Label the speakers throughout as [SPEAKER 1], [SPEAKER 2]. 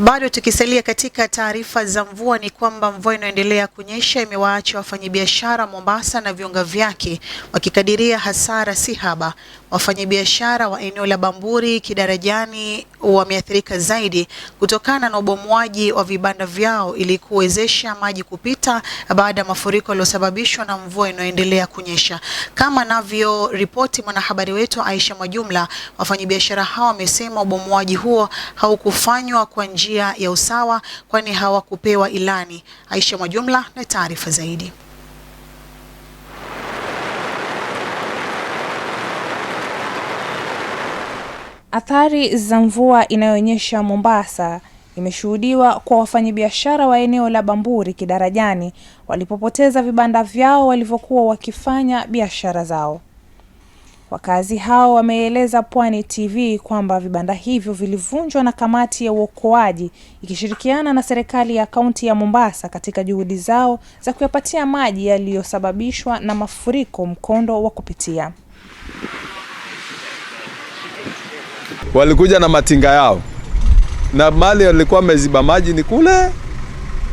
[SPEAKER 1] Bado tukisalia katika taarifa za mvua ni kwamba mvua inayoendelea kunyesha imewaacha wafanyabiashara Mombasa na viunga vyake wakikadiria hasara si haba. Wafanyabiashara wa eneo la Bamburi, Kidarajani, wameathirika zaidi kutokana na ubomwaji wa vibanda vyao ili kuwezesha maji kupita baada ya mafuriko yaliyosababishwa na mvua inayoendelea kunyesha. Kama anavyoripoti mwanahabari wetu Aisha Mwajumla, wafanyabiashara hao wamesema ubomwaji huo haukufanywa kwa njia ya usawa, kwani hawakupewa ilani. Aisha Mwajumla na taarifa zaidi. Athari za mvua inayonyesha Mombasa imeshuhudiwa kwa wafanyabiashara wa eneo la Bamburi Kidarajani walipopoteza vibanda vyao walivyokuwa wakifanya biashara zao. Wakazi hao wameeleza Pwani TV kwamba vibanda hivyo vilivunjwa na kamati ya uokoaji ikishirikiana na serikali ya kaunti ya Mombasa katika juhudi zao za kuyapatia maji yaliyosababishwa na mafuriko mkondo wa kupitia
[SPEAKER 2] walikuja na matinga yao na mali walikuwa wameziba maji, ni kule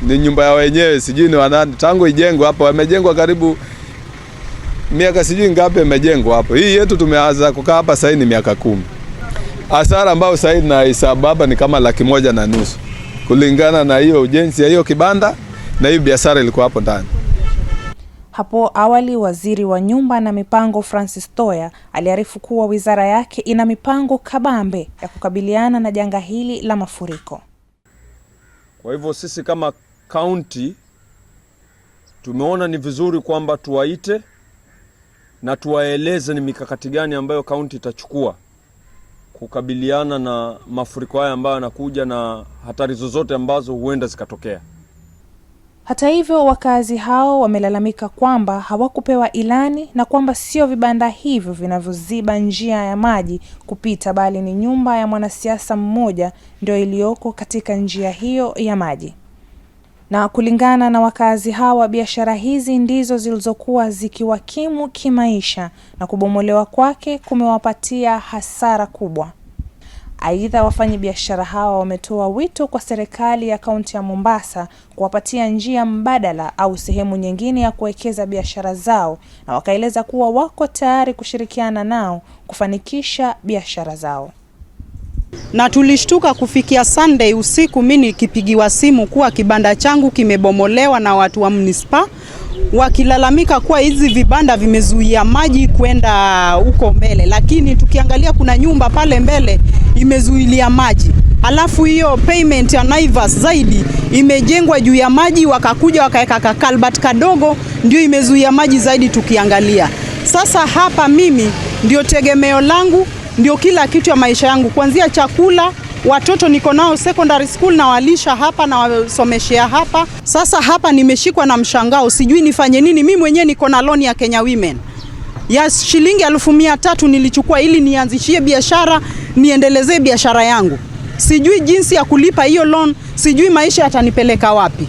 [SPEAKER 2] ni nyumba ya wenyewe, sijui ni wanani, tangu ijengwe hapo. Wamejengwa karibu miaka sijui ngapi, imejengwa hapo. Hii yetu tumeanza kukaa hapa sasa ni miaka kumi. Hasara ambayo sasa na hesabu hapa ni kama laki moja na nusu kulingana na hiyo ujenzi ya hiyo kibanda na hiyo biashara ilikuwa hapo ndani.
[SPEAKER 1] Hapo awali waziri wa nyumba na mipango Francis Toya aliarifu kuwa wizara yake ina mipango kabambe ya kukabiliana na janga hili la mafuriko.
[SPEAKER 3] Kwa hivyo sisi kama kaunti tumeona ni vizuri kwamba tuwaite na tuwaeleze ni mikakati gani ambayo kaunti itachukua kukabiliana na mafuriko haya ambayo yanakuja na hatari zozote ambazo huenda zikatokea.
[SPEAKER 1] Hata hivyo, wakazi hao wamelalamika kwamba hawakupewa ilani na kwamba sio vibanda hivyo vinavyoziba njia ya maji kupita bali ni nyumba ya mwanasiasa mmoja ndio iliyoko katika njia hiyo ya maji. Na kulingana na wakazi hawa, biashara hizi ndizo zilizokuwa zikiwakimu kimaisha na kubomolewa kwake kumewapatia hasara kubwa. Aidha, wafanyabiashara hawa wametoa wito kwa serikali ya kaunti ya Mombasa kuwapatia njia mbadala au sehemu nyingine ya kuwekeza biashara zao, na wakaeleza kuwa wako tayari kushirikiana nao kufanikisha biashara zao.
[SPEAKER 4] Na tulishtuka kufikia Sunday usiku, mimi nikipigiwa simu kuwa kibanda changu kimebomolewa na watu wa munisipa wakilalamika kuwa hizi vibanda vimezuia maji kwenda huko mbele, lakini tukiangalia kuna nyumba pale mbele imezuilia maji, alafu hiyo payment ya Naivas zaidi imejengwa juu ya maji, wakakuja wakaweka kakalbat kadogo, ndio imezuia maji zaidi. Tukiangalia sasa hapa, mimi ndio tegemeo langu, ndio kila kitu ya maisha yangu, kuanzia chakula watoto niko nao secondary school na walisha hapa na wasomeshea hapa. Sasa hapa nimeshikwa na mshangao, sijui nifanye nini. Mimi mwenyewe niko na loan ya Kenya Women ya shilingi elfu mia tatu nilichukua ili nianzishie biashara niendelezee biashara yangu, sijui jinsi ya kulipa hiyo loan, sijui maisha yatanipeleka wapi.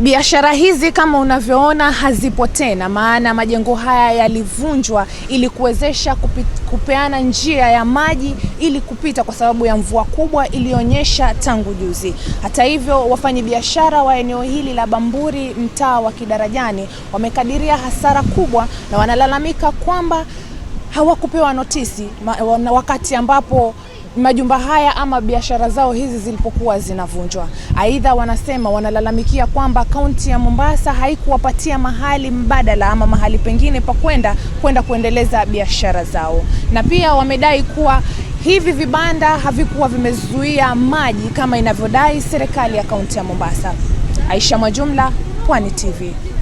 [SPEAKER 5] Biashara hizi kama unavyoona hazipo tena, maana majengo haya yalivunjwa ili kuwezesha kupeana njia ya maji ili kupita kwa sababu ya mvua kubwa iliyonyesha tangu juzi. Hata hivyo, wafanyabiashara wa eneo hili la Bamburi, mtaa wa Kidarajani, wamekadiria hasara kubwa na wanalalamika kwamba hawakupewa notisi wakati ambapo majumba haya ama biashara zao hizi zilipokuwa zinavunjwa. Aidha, wanasema wanalalamikia kwamba kaunti ya Mombasa haikuwapatia mahali mbadala ama mahali pengine pa kwenda kwenda kuendeleza biashara zao, na pia wamedai kuwa hivi vibanda havikuwa vimezuia maji kama inavyodai serikali ya kaunti ya Mombasa. Aisha Mwajumla, Pwani TV.